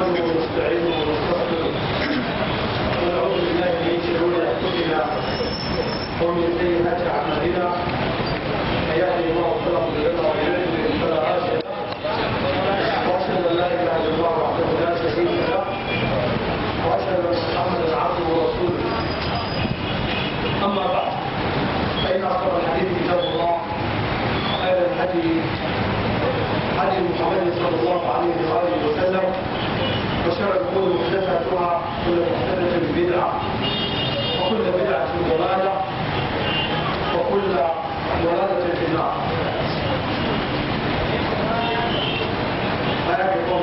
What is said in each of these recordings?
نحمده ونستعينه ونعوذ بالله من شرور انفسنا ومن سيئات اعمالنا الله واشهد ان لا اله الا الله واشهد ان محمدا عبده ورسوله اما بعد فان الحديث كتاب الله محمد صلى الله عليه واله وشر الأمور محدثاتها كل محدثة بدعة وكل بدعة ضلالة وكل ضلالة في النار السلام you.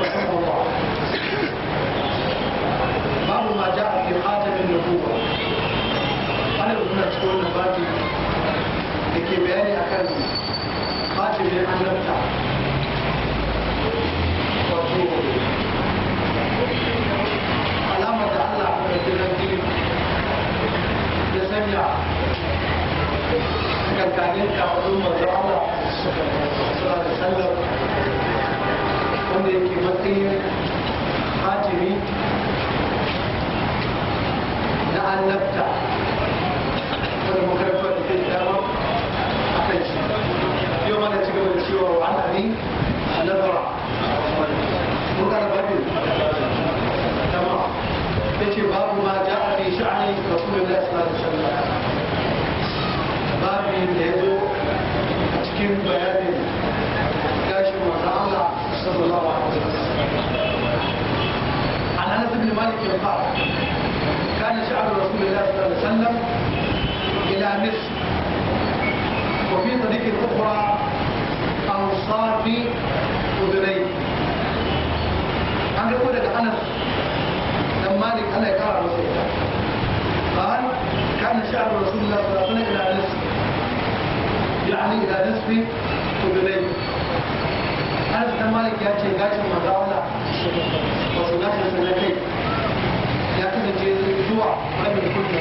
ورحمة الله رحمه الله ما جاء في النبوة قال hajjiyar annabta wato alamar allah sanya allah da wanda mana ci gaba da cewa wa ana ni nazara mun kana babu tamam tace babu ma ja'a fi sha'ani rasulullahi sallallahu alaihi wasallam babu da yazo a cikin bayanin gashin manzo Allah sallallahu alaihi wasallam an Anas ibn Malik ya fara وفي طريق أخرى في أذني أنا أقول لك أنس لما مالك أنا رسول الله قال كان شعر رسول الله صلى الله عليه وسلم إلى نصف يعني إلى نصف أذني أنس لما مالك يا شيخ قال شيخ مزاولة وصلنا سنتين لكن الجوع لم يكن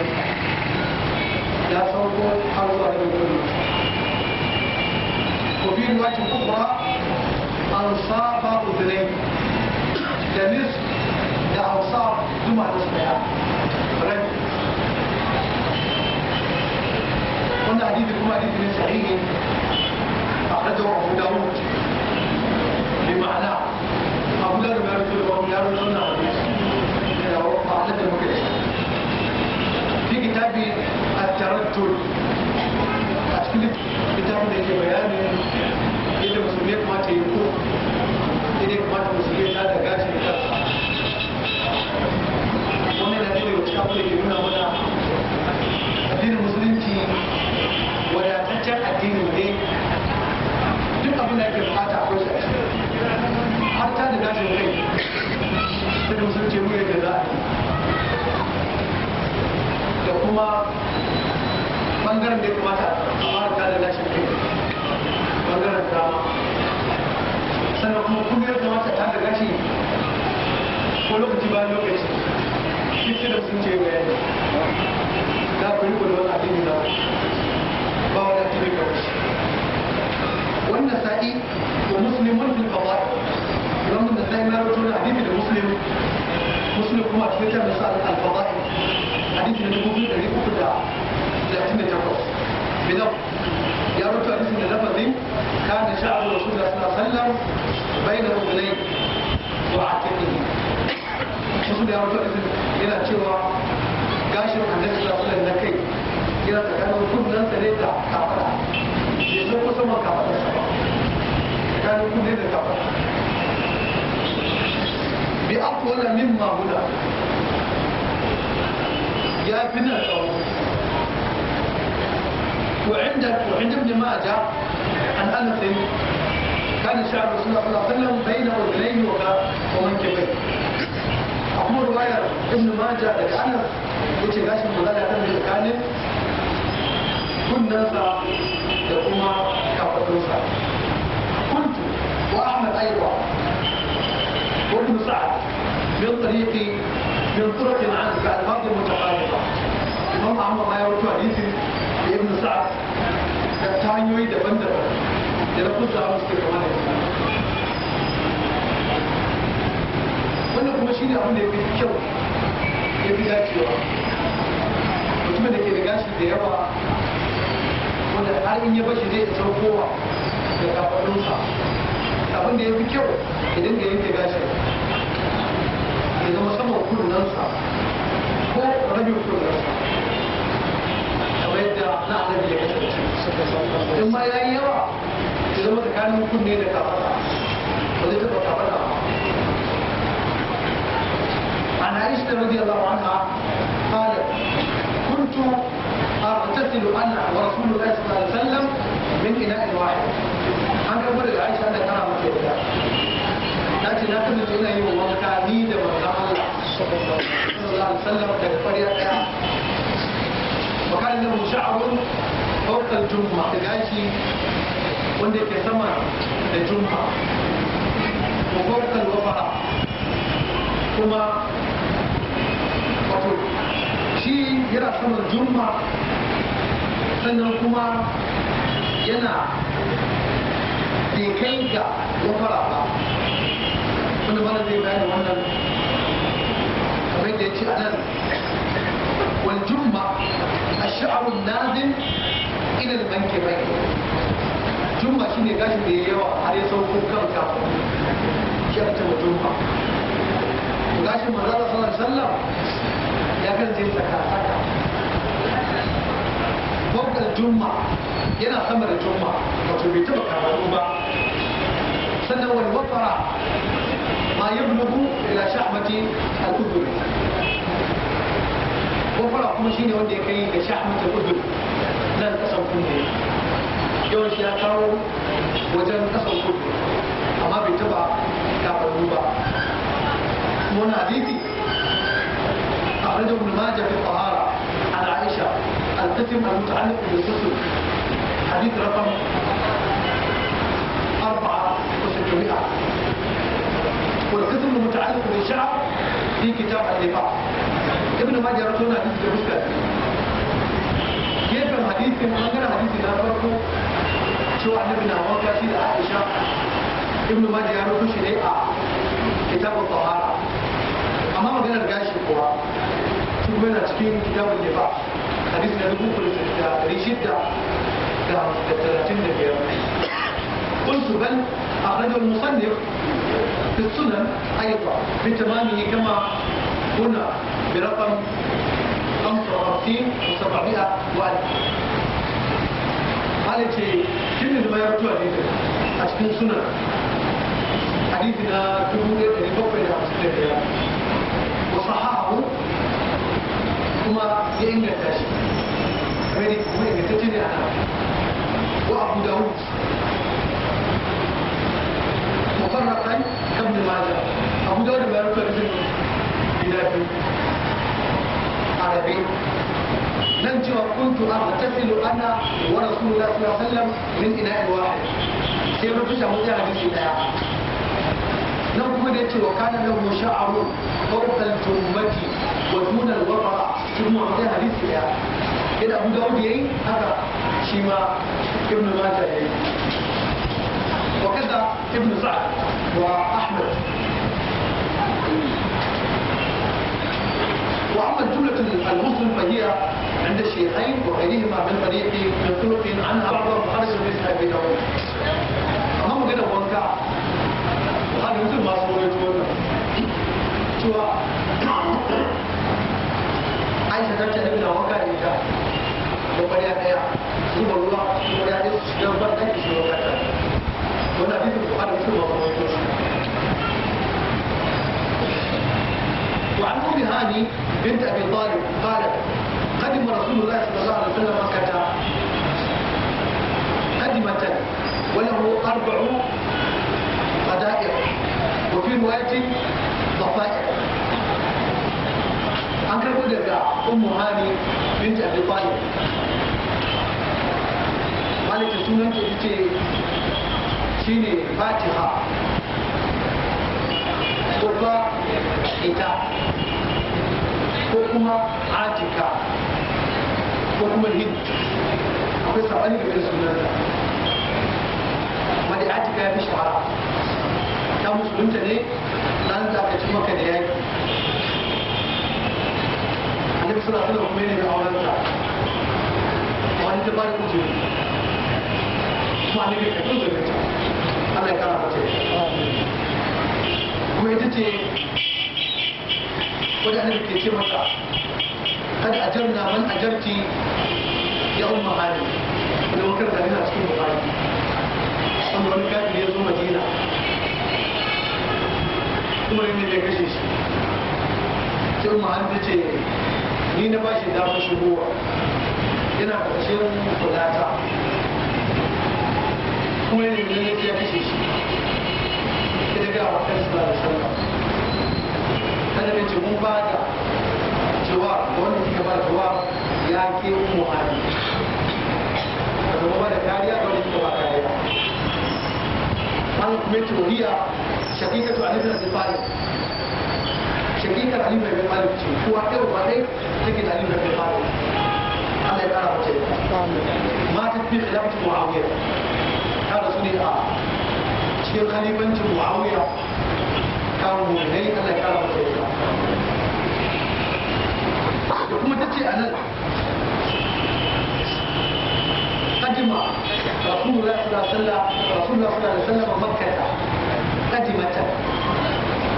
يا sauko har zuwa da وفي رواية أخرى أنصاف أذنين ده نصف ده أنصاف جمع تصبيحات رجل قلنا حديث الجمعة حديث من صحيح أخرجه أبو داود بمعنى أبو داود ما يقول أبو داود سنة أخرجه في كتاب الترتل split littafin da ke bayani yadda musulmi kuma ta yi ko yadda ta musulmi ta da gashi da kansa wannan na ɗaya daga cikin abin da ke nuna mana addinin musulunci wadataccen addini ne duk abin da ke bukata akwai shi a ciki har ta da gashin kai sai da musulunci mu yadda za a yi da kuma bangaren da ya kamata a da gashin kai bangaren dama sannan kuma kuma ya ta da gashi ko lokaci ba lokaci shi da sun ce bayani na kuri kuri wani abin da ba da kawai wannan sa'i wa musulmin fil fawai wannan da sai na rubuta hadisi da muslim kuma a cikin da sa'ad al-fawai da بينه وبينه وعاتقه wasu da yawon tarihin yana cewa gashin annabi sallallahu alaihi na kai yana tsakanin kunnen sa ne da kafada ya zo kusa man kafada sa ba tsakanin kunne da kafada bi akwala min mahuda ya fi nan tsawo وعند وعند ابن ماجه عن انس كان شعر رسول الله صلى الله عليه وسلم بين اذنيه ومنكبيه أقوم رواية ابن ماجه لك أنس يتي غاشي مغالي أدم الكاني كننسى لكما كفتنسى قلت وأحمد أيضا وابن سعد من طريق من طرق عنه كالمرض متفاوتة إمام أحمد ما يروي حديث ابن سعد ta hanyoyi daban-daban da na kusa a wasu kama da islam wannan kuma shi ne abin da ya fi kyau ya fi dacewa mutumin da ke da gashi da yawa wanda har in ya bashi zai isa kowa da kafaɗinsa abin da ya fi kyau idan da yanke gashin ya zama sama kullunansa ko rabin kullunansa kamar yadda na annabi ya kasance in ma ya yi yawa عن عائشة رضي الله عنها قالت كنت أغتسل أنا ورسول الله صلى الله عليه وسلم من إناء واحد أنا أقول لعائشة أنا كان مكتبها لكن لا تمت إلى يوم وكاني لما صلى الله عليه وسلم كالفريق وكان له شعر فوق الجمعة تجاشي wanda ke sama da jumfa wa kalwafa kuma wato shi yana sama da sannan kuma yana da kai ga wafara ba wanda mana zai bayar wannan kamar da ya ce a nan waljumba a sha'arun nazin ilal banke banke jumba shi ne gashi da ya yawa har ya sauko kanka shi a cewa jumba gashin manzara sallar sallar ya kan je saka saka babbar jumma yana sama da jumma wato bai taba karatu ba sannan wani wafara ma yi bugu ila sha'mati al kudur wafara kuma shine wanda ya kai ga sha'mati al kudur nan kasan kunne yawan shi ya kawo wajen kasan kudu amma bai taba kafarru ba wani hadisi a rajin ibn majah fi tahara an aisha al-qasim al-muta'alliq bil ghusl hadith raqam 4 والقسم المتعلق بالشعر في كتاب الرفاع ابن ماجه رسولنا حديث بمسكة كيف الحديث من غير حديث لا فرقه cewa annabi na wanka shi da aisha ibnu majah ya rubuta shi ne a kitabul tahara amma maganar gashi kuwa shi kuma yana cikin kitabul liba hadisi na dubu da dari shidda da talatin da biyar قلت بل أخرجه المصنف في السنن أيضا بتمامه كما قلنا برقم 55 و700 وألف malin ce tun zama ya rutuwa ne a cikin suna hadithi na dubu ɗaya da bakwai da hamsin da biyar wasu hahu kuma ya inganta shi kamar ne kuma ingantacce ne a nan ko abu da hudu mufarrakan kan kan da maja abu da hudu ya rutuwa ne gida biyu a نمت وكنت أغتسل أنا ورسول الله صلى الله عليه وسلم من إناء واحد سيما تشعر مجاهد حديث الله نقول نتي وكان له شعر فوق الجمة ودون الوقرة ثم أعطيها حديث الله إذا أبو داود يي هذا شيما ابن ماجه يي وكذا ابن سعد وأحمد وأما الجملة المسلمة فهي عند الشيخين وغيرهما من طريق من طرق عنها بعضهم خرج من أبي داود أما مجد وانكع وهذا مثل ما صورت وانا شو عايشة تبتع ابن وكا إيجا يا بيا سيب الله وبريا بيا سيب الله وبريا بيا سيب الله وانا بيبقى أنا مثل ما صورت وانا وعن أم هاني بنت أبي طالب قالت قدم رسول الله صلى الله عليه وسلم مكة قدمة وله أربع قدائر وفي رواية ضفائر أنكر قدرك أم هاني بنت أبي طالب قالت سنة شيني فاتحة قربة ko kuma atika ko kuma hind akwai sabani game da sunanta wanda atika ya fi shahara ta musulunta ne dan zakaci maka da yaki a duk suna suna kuma ne da ta wani ta bari kujeru kuma ne ka tunzo ka ta Allah ya kara mace kuma ita ce wajen da ke ce maka kada a jarna man a jarci ya umma hali da wakar da yana cikin bukari an wani kafin ya zo madina kuma ne ya kashe shi sai umma hali ta ce ni na bashi damar shigowa yana ƙarshen kulata kuma ne ya kashe shi ita ga wakar sallallahu alaihi wasallam annabi ce mun ba da cewa wanda suka ba cewa ya ke mu hali da kuma ba da kariya da wanda suka ba kariya an kuma ce wuriya shakika to annabi fari, fara shakika ali bai bai fara ce kuwa irin ba dai take da ali bai bai fara Allah ya kara mace ma ta fi khilafatu muawiya kada su ne a cikin khalifancin muawiya kawo mummunai Allah ya kara masa yasa da kuma ta ce a nan قدم رسول الله صلى الله عليه وسلم رسول الله صلى الله عليه وسلم مكة قدمت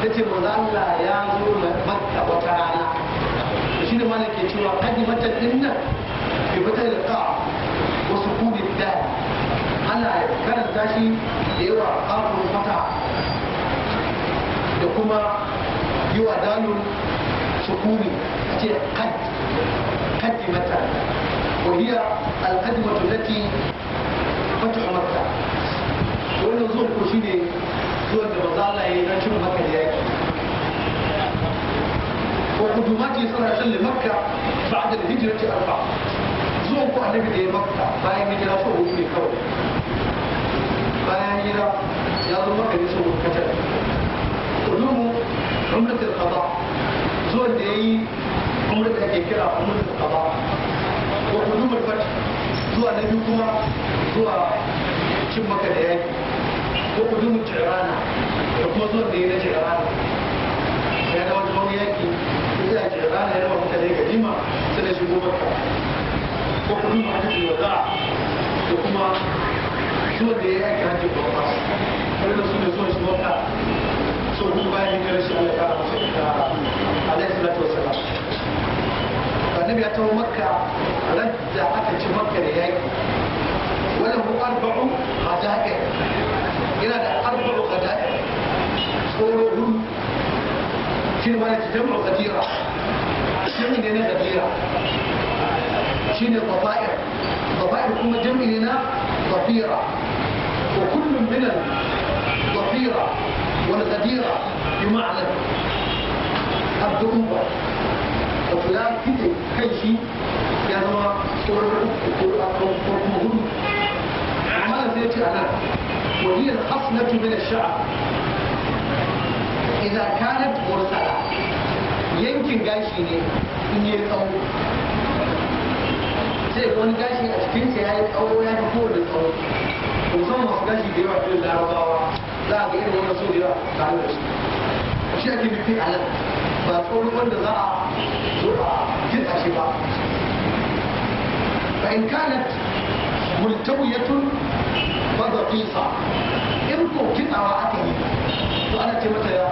تتي مزالا يا زول مكة وترانا شين مالك يتوى قدمت إن في بدل القاع وسكون الدال أنا كانت تاشي يوى قرب الفتح da kuma yi wa dalun shukuri a ce kad kadimata وهي القدمة التي فتح مكة wannan zuwan ko shi ne zuwan da maza Allah ya yi na cin maka da yaki ko kuduma ce suna shalle makka ba da hijira ce arba zuwan ko annabi da ya makka bayan hijira so hudu ne kawai bayan hijira ya zo maka ne so hudu kacal umratul qada zuwa da yayi umra da ake kira umratul qada ko hudumul fath zuwa na biyu kuma zuwa cin maka da ko hudumul jirana da kuma zuwa da yayi na jirana ya da wata wani yaki da ya jirana ya raba mutane ganima sai da shigo maka ko hudumul hajji wada da kuma zuwa da yayi yaki hajji ko ba wani da su ne zuwa shi maka so ni bayan yin karshe Allah ya fara masa ita alaihi salatu wassalam annabi ya tawo makka ran da aka ci makka da yaki wala hu arba'u hadaiq yana da arba'u hadaiq tsoro hudu shine ma yake jam'u qadira shine ne na qadira shine qada'ir qada'ir kuma jam'i ne na qadira وكل من الضفيره والغديرة بمعنى عبد عمر وفلان كده كل شيء كان يعني ما تروح ماذا يجي أنا وهي الخصلة من الشعب إذا كانت مرسلة يمكن قايشيني إني أو زي كون قايشي أشكين سي هاي أو يعني كل الأرض وخمس قايشي بيوع في الأرض za a ga irin wannan so da yawa tare da shi shi ake nufi a nan ba tsoron wanda za a zo a girka shi ba Ba in kanat multawiyatun fadaqisa in ko kitsawa aka yi to ana ce mata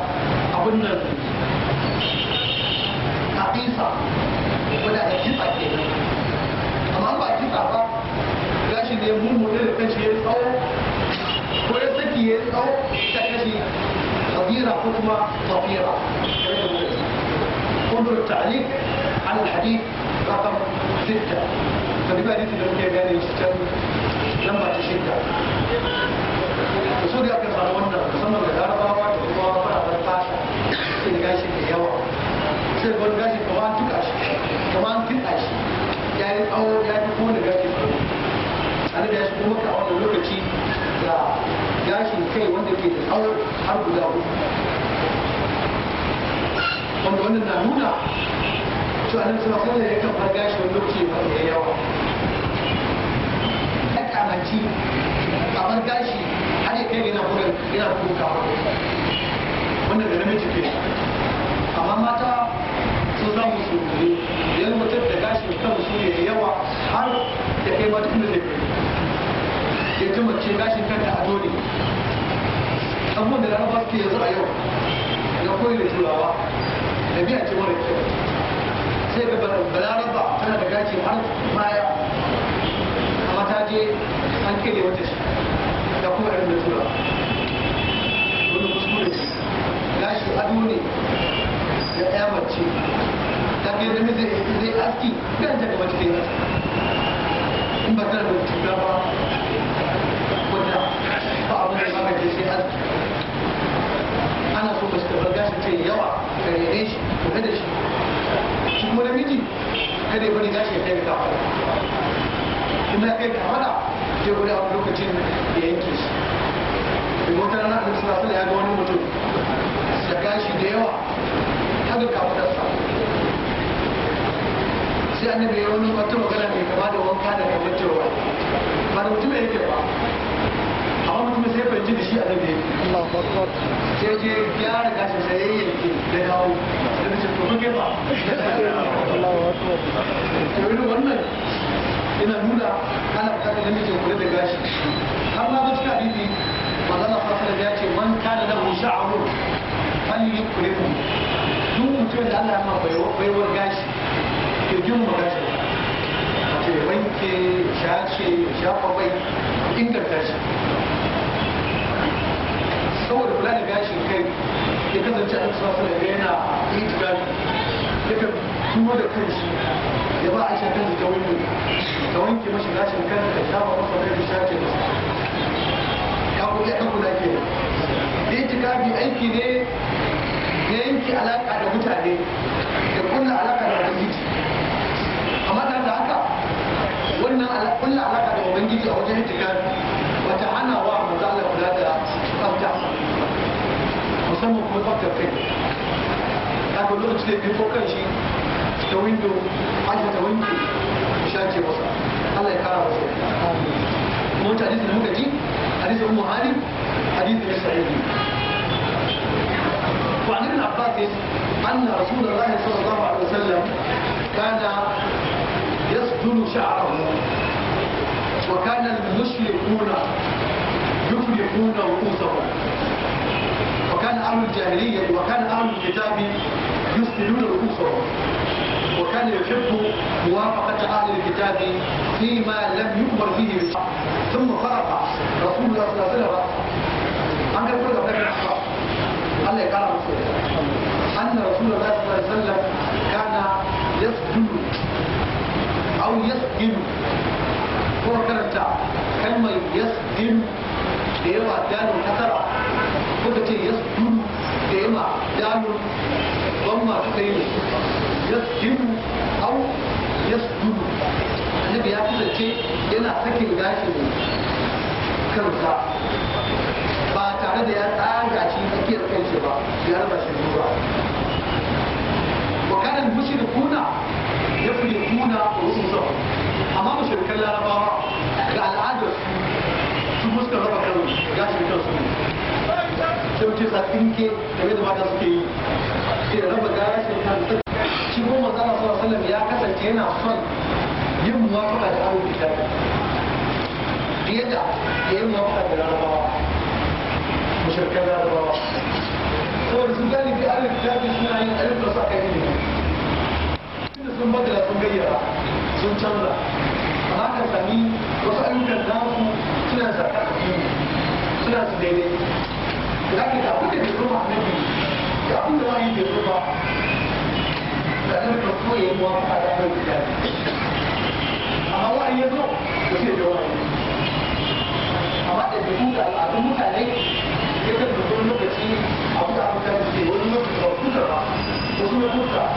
abin nan ka kafisa wanda da kitsa ke amma ba kitsa ba gashi ne mun mutu da kanshi ya tsawo تكفير أو تكفي خطيرة حكمة ضفيرة انظر التعليق على الحديث رقم ستة فلماذا يجب أن يعني يستن لما تشد وصول يا كيف أقولنا تصمم الأربعة والأربعة والأربعة سيدي قاشي في يوا سيدي قول قاشي كمان تكاش كمان تكاش يعني أو يعني كون قاشي أنا بيش بوك أو لوكتي لا gashin kai wanda ke da tsawon har guda uku wanda wannan na nuna a nan suna sallar ya kan farga shi wani lokaci ba da yawa ya kamaci a farga shi har ya kai yana buga yana buga wanda da namiji ke amma mata sun samu su ne yan mutum da gashin kan su ne da yawa har da kai mata inda zai kai ya ji mace gashin kanta a dole abubuwan da laraba suke yanzu a yau na koyi da turawa da biya ce mara kyau sai ga balaraba tana da gaci har baya a mataje je an kere wata shi da kuma irin da turawa wani kuskure gashi ado ne da ɗaya mace ta ke da miji zai aski kan ta gaba cikin in ba tana da turawa ana so mace ta bar gashin yawa ka rene shi kula da shi shi kuma namiji kada ya bari gashi ya kai ga kafa in ya kai kafada sai wani abu lokacin ya yanke shi da wata rana da suna sani ya ga wani mutum da gashi da yawa haka sa, sai annabi ya wani wata magana mai kama da wanka da kamar cewa ba da mutum yake ba amma kuma sai fahimci da shi a zabe Allahu akbar sai je ya riga shi sai yayi da dawo sai ce to mun ba Allahu akbar to wannan ina nuna ana bukatar kula da gashi har ma ba cika bibi manzon Allah ya ce man kana lahu sha'ru yukrimu duk mutum da Allah ya ma gashi ke gashi ke wanke shace shafa bai inganta shi saboda kula da gashin kai ya kasance a cikin wasu daga yana itikafi duka tuwo da kanshi ya ba a shakan da ta wanke wanke mashi gashin kai da shafa masa kai da shace masa ya kuɗi a kula ke da itikafi aiki ne ya yanke alaƙa da mutane da kunna alaƙa da ubangiji amma da haka wannan kunna alaƙa da ubangiji a wajen itikafi wata hana wa manzo Allah kula da tsafta musamman kuma tsaftar kai ta ka lokaci da fifo kan shi ta windo hajji ta windo ku shace masa Allah ya kara masa kuma ta hadisi da muka ji hadisi ummu hadin hadisi ne sahihi وعن ابن عباس أن رسول الله صلى الله عليه وسلم كان يسجل شعره وكان المشركون يفرقون رؤوسهم وكان أهل الجاهلية وكان أهل الكتاب يفسدون رؤوسهم وكان يحب موافقة أهل الكتاب فيما لم يؤمر به بالحق ثم فرق رسول الله صلى الله عليه وسلم عن كل ذلك الله يقال أن رسول الله صلى الله عليه وسلم كان يسجن أو يسجن هو كان كلمة يسجن da إيه، yawa كثرة لام ضمة خير يسجد أو يسجد annabi ya kasance yana sakin gashin kansa ba tare da ya tsaga shi tsakiyar kanshi ba ya raba shi zuwa wa kanan mushrikuna ya fi kuna rususa amma mushrikan larabawa ga al'adar su su fuskar sai wuce ke tinke game da mata suke yi sai raba gashin kansa shi kuma manzon Allah sallallahu ya kasance yana son yin muwafaqa da abu da fiye da ya yin muwafaqa da larabawa mushrikan larabawa saboda sun gane bi alif da suna yin alif da sa kai ne tunda sun badala sun gayyara sun canza amma ka sami wasu ayyukan su suna sa ƙarfi suna su daidai لكن أقول الدبلومة عندي أقول رأيي الدبلومة لأنه التصوير موافق على أمر الكتاب أما هو أن يبلغ يصير جواري أما الدبلومة الأدموت عليك يقدر بكل لغتي أو تعمل تنسي ولغة أو كتبة وكل كتبة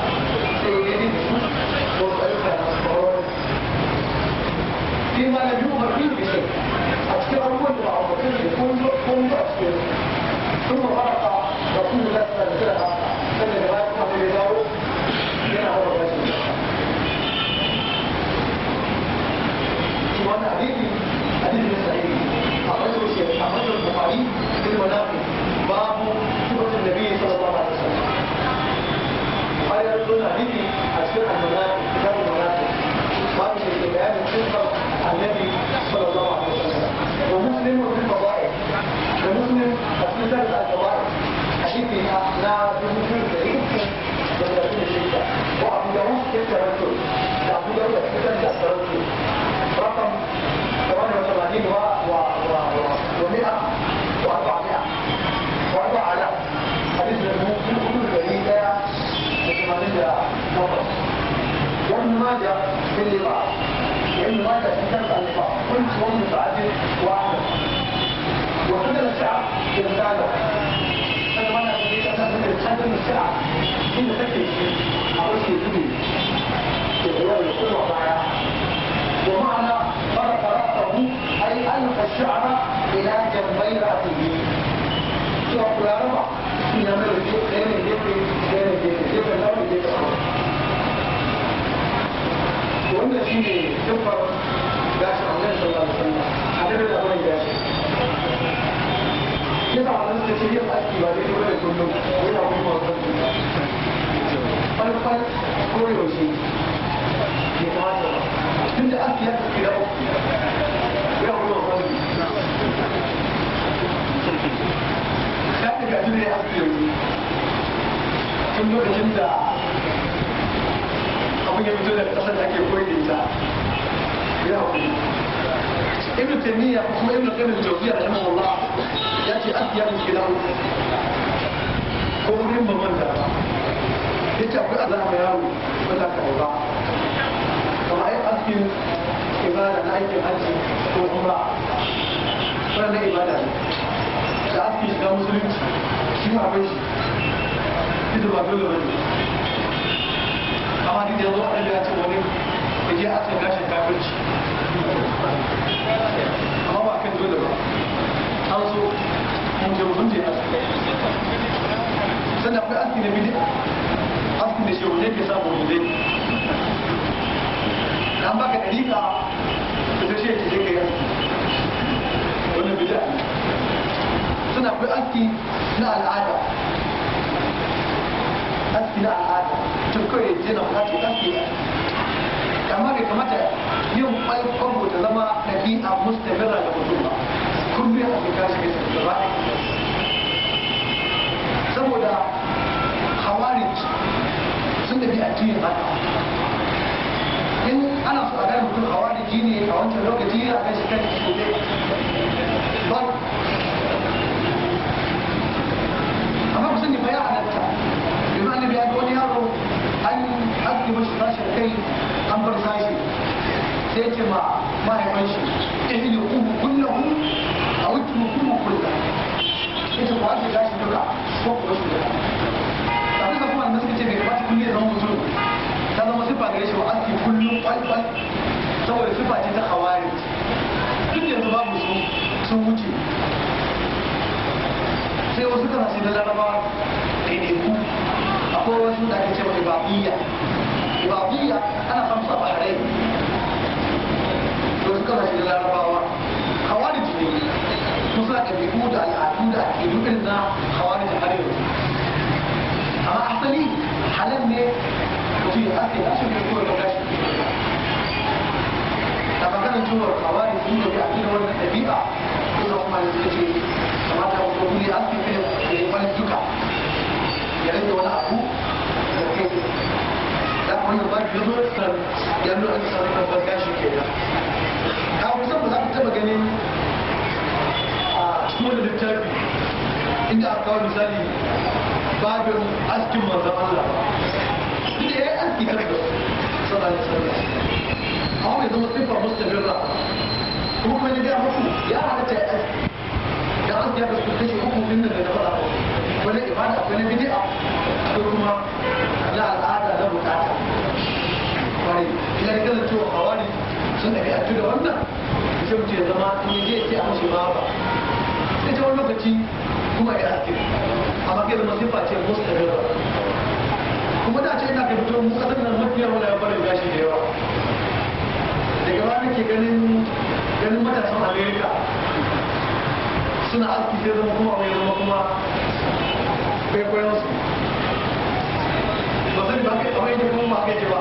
سيدي بسوط وسألتها مصبرون فيما لم يؤمر فيه بشيء أشكر أول ما أعطيه كل كل أشكر ثم غرق رسول الله صلى الله عليه وسلم كان روايه ابي داود هنا هو shine dukkan gashin annabi sallallahu alaihi wasallam a daga da wani gashi kisa wannan suka ce yin aski ba dai ba da kullum yana kuma wasu farfar ko yaushe ya kamata tun da aski ya tafi da uku ya kuma wasu ya ɗaga jini tun abin ya fito daga kasar da ake koyi da ita ya hakuri ibn taymiya kuma ibn qayyim al-jawziyya rahimahullah ya ce asiya ne kidan ko wurin ba manta ya ce akwai alama yaro ba za ka aura kamar ai askin ibada na aikin hajji ko umra wannan ibada ne da aski shiga musulunci shi ma bai shi ita ba dole ba amma duk da zo wannan ya ce wani da je a sun gashin kafirci amma ba kan dole ba an so mun je mun je sannan akwai aski na bidi aski da shehu ne ke sa mu zai an baka dalika da ta ce ki je kai wannan bidi suna akwai aski na al'ada haski na al'ada tun kawai ya na fata haski ya amma bai kamata yin kwalkwanmu ta zama na fi a mustabira da mutum ba kullum ya haske kashi ne da ba saboda hawarij sun da bi addinin haka in ana so a gane mutum hawariji ne a wancan lokaci a kan shi kan shi ba amma ku sani ba ya halatta ake mashi rashin kai an bar sashi sai ce ma mahaifan shi ya yi ihli kuma kullahu a wuce mu kuma kulla ita ko ake tashi duka ko kuma su duka abin da kuma suka ce bai kamata kullum ya zama mutum ta zama sifa gare shi wa aski kullum kwalkwal saboda sifa ce ta hawaye duk yanzu babu su sun wuce sai wasu kana sai da larabawa ɗaiɗaiku akwai wasu da ake ce mai babiya الرياضية أنا خمسة بحرين يذكرها إلى الأربعة خوارج مصرك بيقود العدودة يقولنا خوارج حرير أما أحسني حلمنا وفي أكل أشد يكون مكاشف لما كان جوا الخوارج يقولوا بيعطينا ولا الطبيعة كل ما يجي كما تقول لي أكل في الإيمان يا ريت ولا أبوه wannan ba ya zo san ya an samu babban gashi ke da a kusan ba za ku taɓa ganin a cikin littafi inda aka kawo misali babin askin manzan Allah inda ya yi aski kan da sallallahu alaihi wasallam amma mai zama sifa mustabirra kuma kuma ne ga muku ya halatta ya aski da aski ya kasu kashi uku din nan da na faɗa wani ibada wani bid'a ko kuma na al'ada na bukata kawai ya ga da cewa sun da ya wannan mutum ya zama in ce a mashi ba ba sai ta wani lokaci kuma ya ake amma kai zama ce musta gaba kuma da ce ina ka fito mu kasar nan mafiyar wani ya barin gashi da yawa daga ba nake ganin ganin matasan amerika suna aski sai zama kuma wani zama kuma kwaikwayon su ba zai ba kai kamar kuma ba kai ba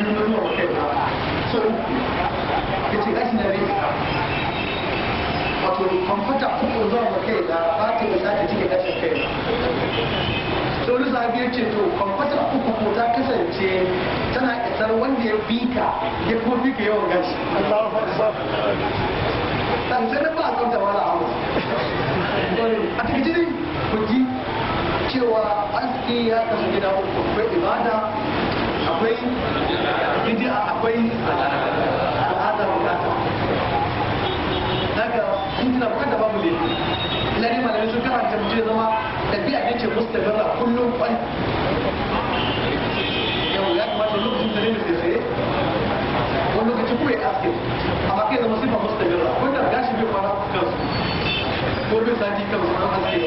an yi kai wata so ka ce gashi na rai wato kwamfuta uku zuwa ma kai da ba ta da za cike gashin kai so wani sahabi ya ce to kwamfuta uku ko ta kasance tana isar wanda ya bi ka ya kuma bi ka yawan gashi dan sai na ba a wala a a cikin ku ji cewa aski ya kasu gida uku akwai ibada akwai bid'a akwai al'ada bukata daga kuma babu sun karanta zama tafiya ne ce kullum yau ya kamata lokacin da ne tsaye wani kuma ya aske amma kai zama sifa gashi bai kansu ko bai sati kansu an aske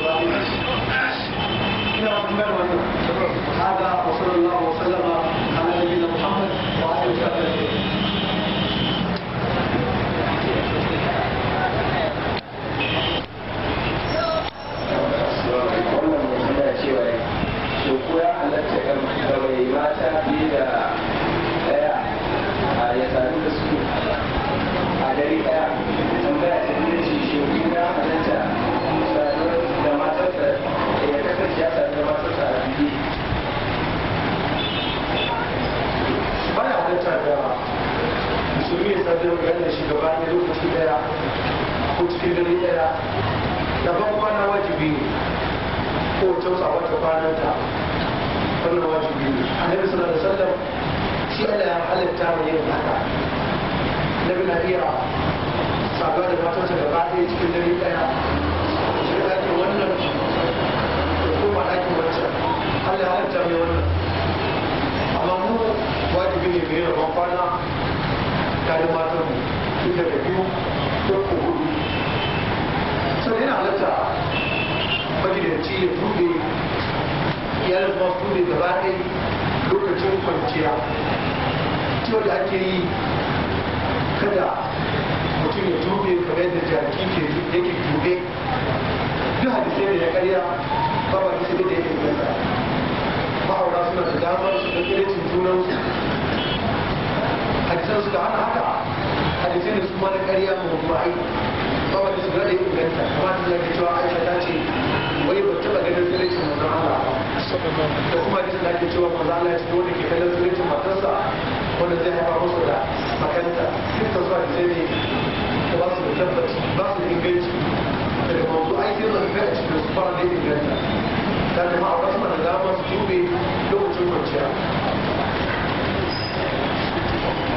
biyu ne mai rabon kwana tare matan mu inda da biyu ko ko hudu sau yana halatta magidanci ya buɗe iyalin da buɗe gaba ɗaya lokacin kwanciya ciwo da ake yi kada mutum ya ka kamar da jaki ke yake tuɓe duk hadisai da ya karya ba ba da ya inganta ma'aura suna da damar su da ƙirƙirin junansu hadisan da hana haka hadisai da su ma na ƙarya ma mutum ai kawai da su da yin ganta kuma ta zaka cewa aisha ta ce wai ba taɓa ganin tsiraicin mutum Allah da kuma hadisan da ake cewa maza Allah ya ce wanda ke kallon tsiraicin matarsa wanda zai haifa musu da makanta duk da su da ne da ba su da tabbaci ba su da inganci daga mawuzu aikin zafi a cikin su fara da da kuma a wasu mana dama su tube lokacin kwanciya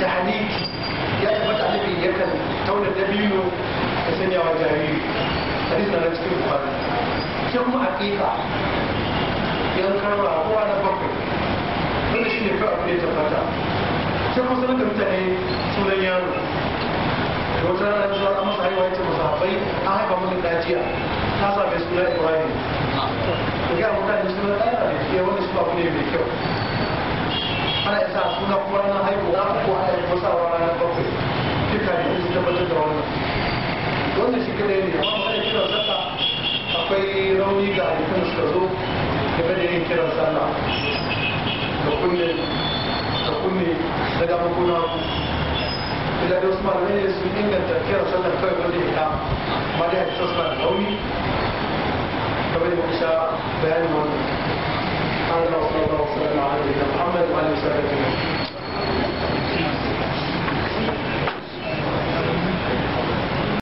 tahniki ya tabbata annabi yakan tauna dabino da sanya wa jariri hadisi na cikin bukhari ke kuma aqiqa yan na bakwai wannan shine kawai abin da kuma da mutane sunan yaro da wata a zuwa an masa ta same ibrahim ku ga mutane suna ɗaya da ke wani ne mai kyau ana isa suna kuma ranar haihuwa ko ana yi masa ranar bakwai duka ne su tabbatar da wannan wannan shi kadai ne amma kada kiran sallah akwai rauni ga ayyukan suka zo game da yin kiran sallah da kunne da إذا يصبر من السنين إيه إيه التفكير صلى الله عليه وسلم ما لها تصبر قوي قبل إنشاء بيان هذا وصلى الله وسلم على نبينا محمد وعلى آله